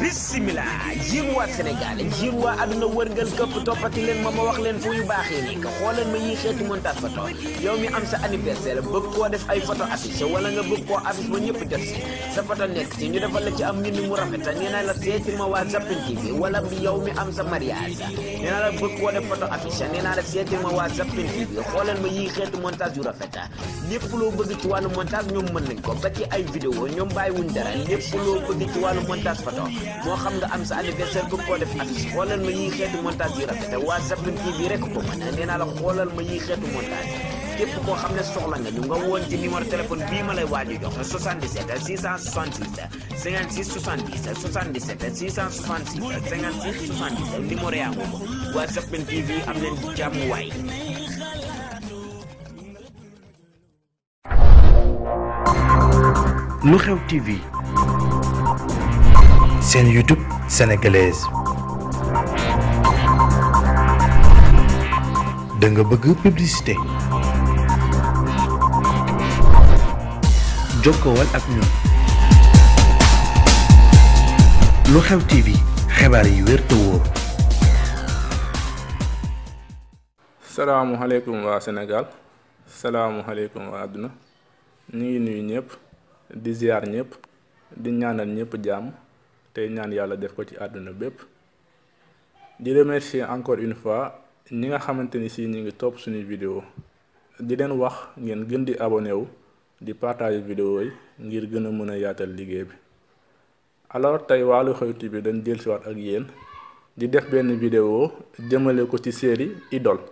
bisimila yéen waa Sénégal yéen waa àdduna wërngal këpp toppati leen ma ma wax leen fu yu baaxee nekk xooleen ma yi xeeti montage photo yow mi am sa anniversaire bëgg koo def ay photo affiche wala nga bëgg koo affiche ba ñëpp jot si sa photo nekk ci ñu defal la ci am mbind mu rafet nee naa la seeti ma waa Zappin TV wala yow mi am sa mariage nee la bëgg koo def photo affiche nee la seeti ma waa Zappin TV xooleen ma yi xeeti montage ba ci ay vidéo ñoom bàyyiwuñ moo xam nga am sa anniversaire bëgg koo def affiche xoolal ma yiy xeetu montage yi rafet te waa Zappin TV rek ko mën nee naa la xoolal ma yiy xeetu montage képp koo xam ne soxla nga ñu nga woon ci numéro téléphone bii ma lay waaj a jox 77 666 56 yaa ngi ko waa TV am leen jàmm lu xew TV. seen YouTube sénégalaise da bëgg publicité jokkowal ak ñun lu xew TV xibaar yi wér te wóor. salaamualeykum waa Sénégal salaamualeykum waa àdduna ñu ngi nuyu ñëpp di ziar ñëpp di ñaanal ñëpp jàmm. tey ñaan yàlla def ko ci àdduna bépp di remercier encore une fois ñi nga xamante ni si ñu ngi topp suñuy vidéo di leen wax ngeen gën di abonné wu di partager vidéo yi ngir gën a mën a yaatal liggéey bi alors tey wàllu xew bi dañ dellusiwaat ak yéen di def benn vidéo jëmale ko ci série Idole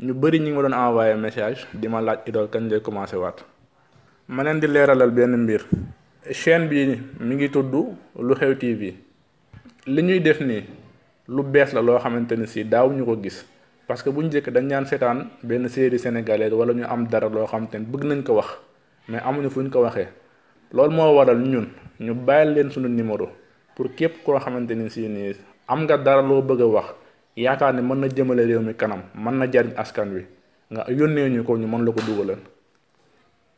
ñu bëri ñi ngi ma doon envoyé message di ma laaj Idole kañ lay commencé waat ma leen di leeralal benn mbir chaîne bii mi ngi tudd lu xew TV li ñuy def nii lu bees la loo xamante ni si daaw ñu ko gis parce que bu ñu jëkk dañ ñaan seetaan benn série sénégalaise wala ñu am dara loo xamante ni bëgg nañ ko wax mais amuñu fu ñu ko waxee loolu moo waral ñun ñu bàyyi leen sunu numéro pour képp koo xamante ni si nii am nga dara loo bëgg a wax yaakaar ne mën na jëmale réew mi kanam mën na jariñ askan wi nga yónnee ñu ko ñu mën la ko dugalal.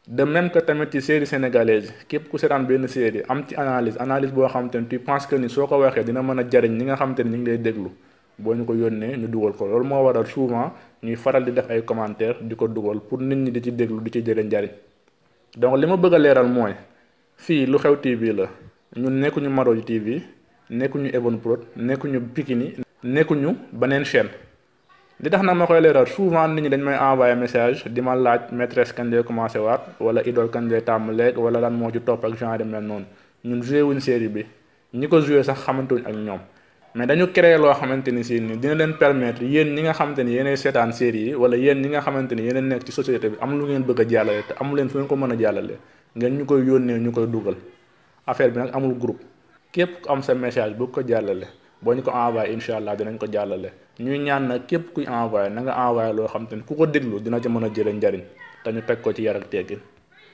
dem même que tamit ci série sénégalaise képp ku seetaan benn série am ci analyse analyse boo xamante ni tu penses ni soo ko waxee dina mën a jariñ ñi nga xamante ni ñu ngi lay déglu boo ñu ko yónnee ñu dugal ko loolu moo waral souvent ñuy faral di def ay commentaire di ko dugal pour nit ñi di ci déglu di ci jëlee njariñ donc li ma bëgg a leeral mooy fii lu xew TV la ñun nekkuñu Marodi TV nekkuñu Even Prod nekkuñu Pikini nekkuñu beneen chaîne. li tax na ma koy leeral souvent nit ñi dañ may envoyé message dima ma laaj maîtresse kañ lay commencé waat wala idole kañ lay tàmm leeg wala lan moo ci topp ak genre mel noonu ñun joué wuñ série bi ñi ko joué sax xamantuñ ak ñoom mais dañu créé loo xamante ni si dina leen permettre yéen ñi nga xamante ni yenn seetaan série yi wala yéen ñi nga xamante ni yéen nekk ci société bi am lu ngeen bëgg a jàllale te amu leen fu ngeen ko mën jàllale ngeen ñu koy yónnee ñu koy dugal affaire bi nag amul groupe képp ku am sa message bëgg ko jàllale boo ñu ko envoyé incha allah dinañ ko jàllale ñuy ñaan nag képp kuy envoyé na nga envoyé loo xam te ne ku ko déglu dina ci mën a jëlee njariñ te teg ko ci yar ak teggin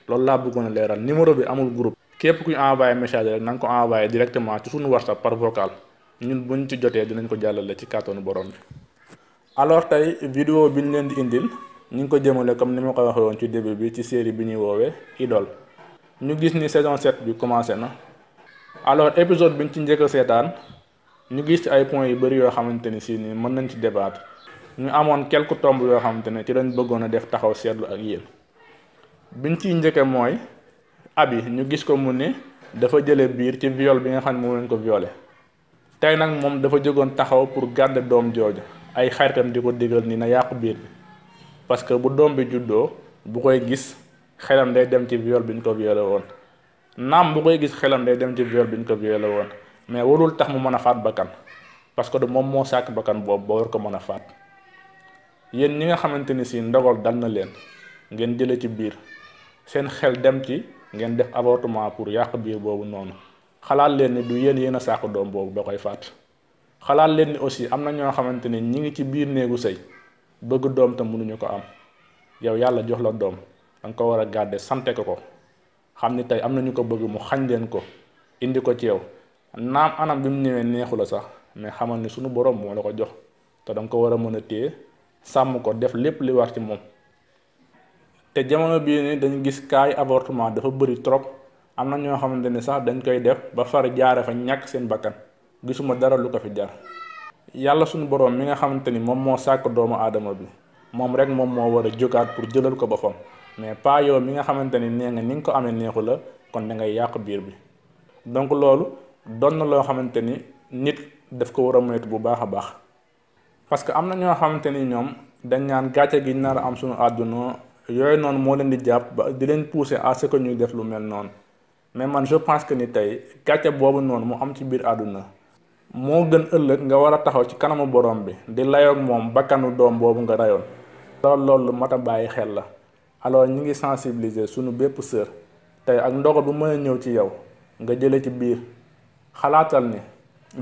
loolu laa bëggoon a leeral numéro bi amul group képp kuy envoyé message rek na nga ko envoyé directement ci suñu whatsapp par vocal ñun ñu ci jotee dinañ ko jàllale ci kàttanu borom bi alors tey vidéo bi ñu leen di indil ñu ngi ko jëmale comme ni ma ko waxee woon ci début bi ci série bi ñuy woowee Idole ñu gis ni saison 7 bi commencé na alors épisode bi ñu ci njëkk a seetaan ñu gis ci ay points yu bëri yoo xamante ni si ni mën nañ ci débattre ñu amoon quelques tombes yoo xamante ne ci lañ bëggoon a def taxaw seetlu ak yéen biñ ci njëkke mooy abi ñu gis ko mu ni dafa jële biir ci viol bi nga xam ne moom lañ ko violé tey nag moom dafa jógoon taxaw pour garder doom jooju ay xaritam di ko digal ni na yàqu biir bi parce que bu doom bi juddoo bu koy gis xelam day dem ci viol bi ñu ko violé woon naam bu koy gis xelam day dem ci viol bi ñu ko violé woon mais warul tax mu mën a faat bakkan parce que du moom moo sàkk bakkan boobu ba war ko mën a faat yéen ñi nga xamante ni si ndogal dal na leen ngeen jële ci biir seen xel dem ci ngeen def avortement pour yàq biir boobu noonu xalaat leen ni du yéen yéen a sàkk doom boobu ba koy faat xalaat leen ni aussi am na ñoo xamante ni ñi ngi ci biir néegu sëy bëgg doom te mënuñu ko am yow yàlla jox la doom danga ko war a garder sante ko ko xam ni tey am na ñu ko bëgg mu xañ leen ko indi ko ci yow naam anam bi mu ñëwee neexu la sax mais xamal ni sunu borom moo la ko jox te danga ko war a mën a téye sàmm ko def lépp li war ci moom te jamono bii nii dañu gis kaay abortement dafa bëri trop am na ñoo xamante ni sax dañ koy def ba far jaare fa ñàkk seen bakkan gisuma dara lu ko fi jar yàlla sunu borom mi nga xamante ni moom moo sàkk doomu aadama bi moom rek moom moo war a jógaat pour jëlal ko boppam mais pas yow mi nga xamante ni nee nga ni ko amee neexu la kon da ngay yàq biir bi doon na loo xamante ni nit def ko war a moytu bu baax a baax parce que am na ñoo xamante ni ñoom dañ naan gàcce gi nar a am suñu àdduna yooyu noonu moo leen di jàpp ba di leen pousser à ce ñuy def lu mel noonu mais man je pense que ni tey gàcce boobu noonu mu am ci biir àdduna moo gën ëllëg nga war a taxaw ci kanamu borom bi di layoog moom bakkanu doom boobu nga reyoon loolu loolu lu mat a bàyyi xel la alors ñi ngi sensibiliser suñu bépp sër tey ak ndogal bu mën a ñëw ci yow nga jële ci biir xalaatal ni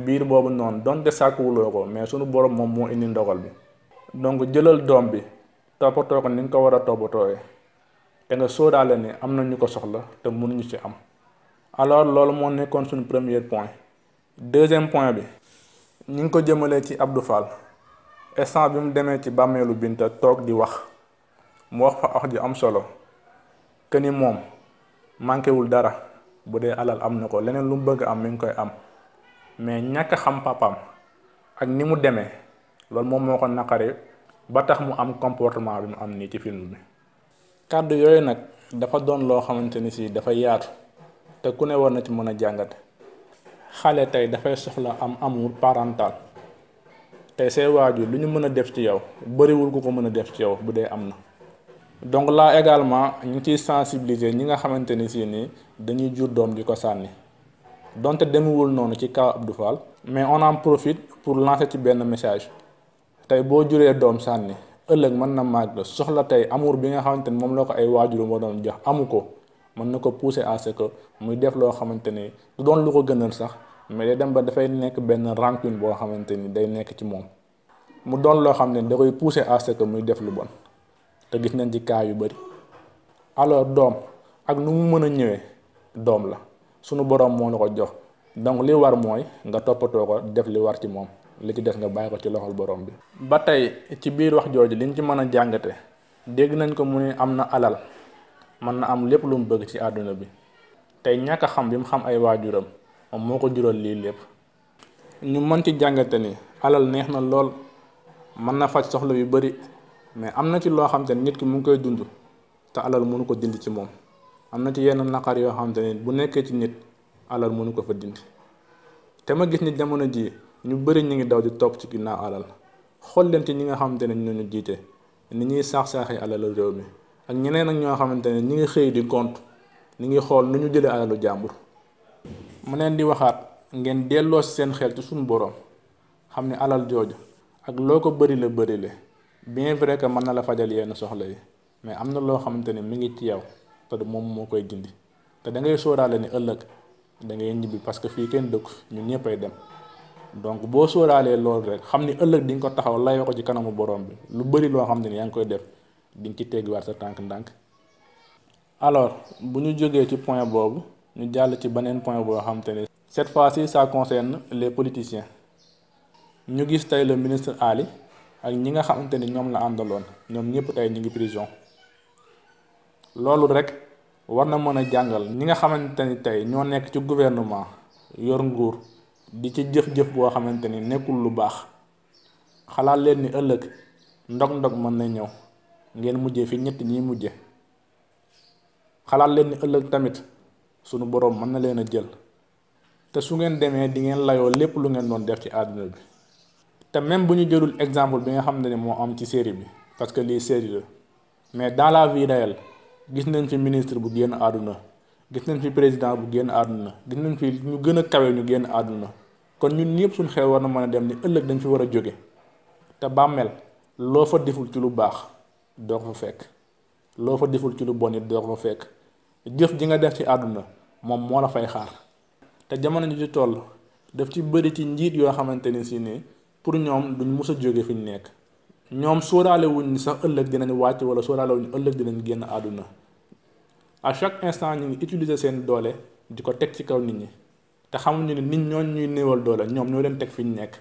biir boobu noonu donte sàkkuwuloo ko mais sunu borom moom moo indi ndogal bi donc jëlal doom bi toppatoo ko ni nga ko war a toppatooyee te nga sóodaale ni am na ñu ko soxla te mënuñu ci am alors loolu moo nekkoon suñu premier point deuxième point bi ñu ngi ko jëmalee ci Abdou Fall instant bi mu demee ci bàmmeelu Binta toog di wax mu wax fa wax ju am solo que ni moom manqué wul dara. bu dee alal am na ko leneen lu mu bëgg am mu ngi koy am mais ñàkk xam papaam ak ni mu demee loolu moom moo ko naqari ba tax mu am comportement bi mu am nii ci film bi. kàddu yooyu nag dafa doon loo xamante ni si dafa yaatu te ku ne war na ci mën a jàngate xale tey dafay soxla am amour parental tey say waajur lu ñu mën a def ci yow bëriwul ku ko mën a def ci yow bu dee am na. donc la également ñu ngi ciy sensibiliser ñi nga xamante ni si nii dañuy jur doom di ko sànni donte demewul noonu ci kaw Abdou mais on en profite pour lancer ci benn message tey boo juree doom sànni ëllëg mën na màgg soxla tey amour bi nga xamante ni moom loo ko ay waajur ma doon jox amu ko mën na ko pousser à que muy def loo xamante ni du doon lu ko gënal sax mais day dem ba dafay nekk benn rancune boo xamante ni day nekk ci moom mu doon loo xam ne da koy pousser à ce que muy def lu te gis nañ ci cas yu bari alors doom ak nu mu mën a ñëwee doom la sunu borom moo la ko jox donc li war mooy nga toppatoo ko def li war ci moom li ci des nga bàyyi ko ci loxol boroom bi. ba tey ci biir wax jooju liñ ci mën a jàngate dégg nañ ko mu ne am na alal mën na am lépp lu mu bëgg ci àdduna bi tey ñàkk xam bi mu xam ay waajuram moom moo ko jural lii lépp. ñu mën ci jàngate ni alal neex na lool mën na faj soxla yu bari mais am na ci loo xam ne nit ki mu ngi koy dund te alal munu ko dindi ci moom am na ci yenn naqar yoo xam te ne bu nekkee ci nit alal mënu ko fa dindi te ma gis ni jamono ji ñu bëri ñu ngi daw di topp ci ginnaaw alal xool leen ci ñi nga xamante ne ñooñu jiite ni ñuy saax-saaxi alalu réew mi ak ñeneen ak ñoo xamante ne ñi ngi xëy di compte ñi ngi xool nu ñu jëlee alalu jàmbur mu leen di waxaat ngeen delloo seen xel ci suñu boroom xam ne alal jooju ak loo ko bëri la bëri le bien vrai que mën na la fajal yenn soxla yi mais am na loo xamante ne mi ngi ci yow te moom moo koy gindi te dangay sooraale sóoraale ni ëllëg da ngay ñibbi parce que fii kenn dëkk ñun ñëpp ay dem donc boo sóoraalee loolu rek xam ni ëllëg di nga ko taxaw layoo ko ci kanamu borom bi lu bëri loo xam ni yaa ngi koy def di nga ci teggiwaat sa tànk ndànk. alors bu ñu jógee ci point boobu ñu jàll ci beneen point boo xam te ne. cette fois-ci ça concerne les politiciens ñu gis tey le ministre Ali. ak ñi nga xamante ni ñoom la àndaloon ñoom ñëpp tey ñu ngi prison loolu rek war na mën a jàngal ñi nga xamante ni tey ñoo nekk ci gouvernement yor nguur di ci jëf-jëf boo xamante ni nekkul lu baax xalaat leen ni ëllëg ndog-ndog mën na ñëw ngeen mujje fi ñett ñi mujje xalaat leen ni ëllëg tamit sunu borom mën na leen a jël te su ngeen demee di ngeen layoo lépp lu ngeen doon def ci àdduna bi te même bu ñu jëlul exemple bi nga xam ne moo am ci série bi parce que lii série la mais dans la vie réelle gis nañ fi ministre bu génn àdduna gis nañ fi président bu génn àdduna gis nañ fi ñu gën a kawe ñu génn àdduna kon ñun yëpp suñ xel war na mën a dem ni ëllëg dañ fi war a jóge te bàmmeel loo fa deful ci lu baax doo ko fa fekk loo fa deful ci lu bon it doo ko fa fekk jëf ji nga def ci àdduna moom moo la fay xaar te jamono ji ci toll daf ci bëri ci njiit yoo xamante ni si pour ñoom duñ mos a jóge fi ñu nekk ñoom sóoraale wuñ ni sax ëllëg dinañ wàcc wala sóoraale wuñ ëllëg dinañ génn àdduna a chaque instant ñu ngi utiliser seen doole di ko teg ci kaw nit ñi te xamuñu ne nit ñooñ ñuy néewal doole ñoom ñoo leen teg fi ñu nekk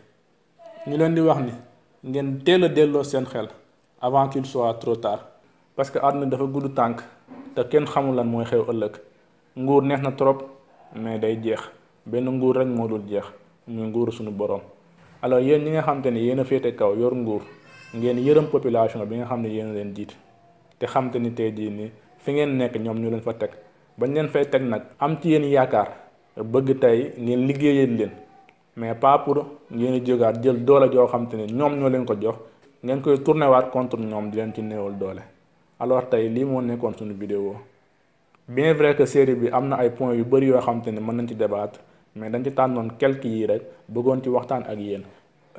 ñu leen di wax ni ngeen teel a delloo seen xel avant qu'il soit trop tard parce que àdduna dafa gudd tànk te kenn xamul lan mooy xew ëllëg nguur neex na trop mais day jeex benn nguur rek moo dul jeex muy suñu boroom. alors yéen ñi nga xamante ne yéen a féete kaw yor nguur ngeen yërëm population bi nga xam ne yéen leen jiit te xam te ni tey jii nii fi ngeen nekk ñoom ñu leen fa teg bañ leen fay teg nag am ci yéen yaakaar bëgg tey ngeen liggéeyal leen mais pas pour ngeen jógaat jël doole joo xam ne ñoom ñoo leen ko jox ngeen koy tourné waat contre ñoom di leen ci néewal doole alors tey lii moo nekkoon suñu vidéo bien vrai que série bi am na ay point yu bëri yoo xam ne mën nañ ci débattre mais dañ ci tànnoon quelques yi rek bëggoon ci waxtaan ak yéen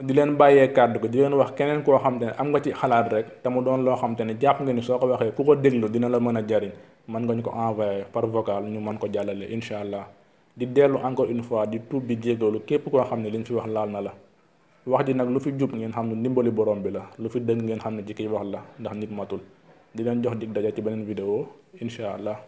di leen bàyyee kàddu ko di leen wax keneen koo xam te ne am nga ci xalaat rek te mu doon loo xam ne jàpp nga ni soo ko waxee ku ko déglu dina la mën a jariñ mën nga ñu ko envoyé par vocal ñu mën ko jàllale incha allah di dellu encore une fois di tuub di jégalu képp koo xam ne liñ fi wax laal na la wax ji nag lu fi jub ngeen xam ne ndimbali borom bi la lu fi dëng ngeen xam ne ci kiy wax la ndax nit matul di leen jox dig daja ci beneen vidéo incha allah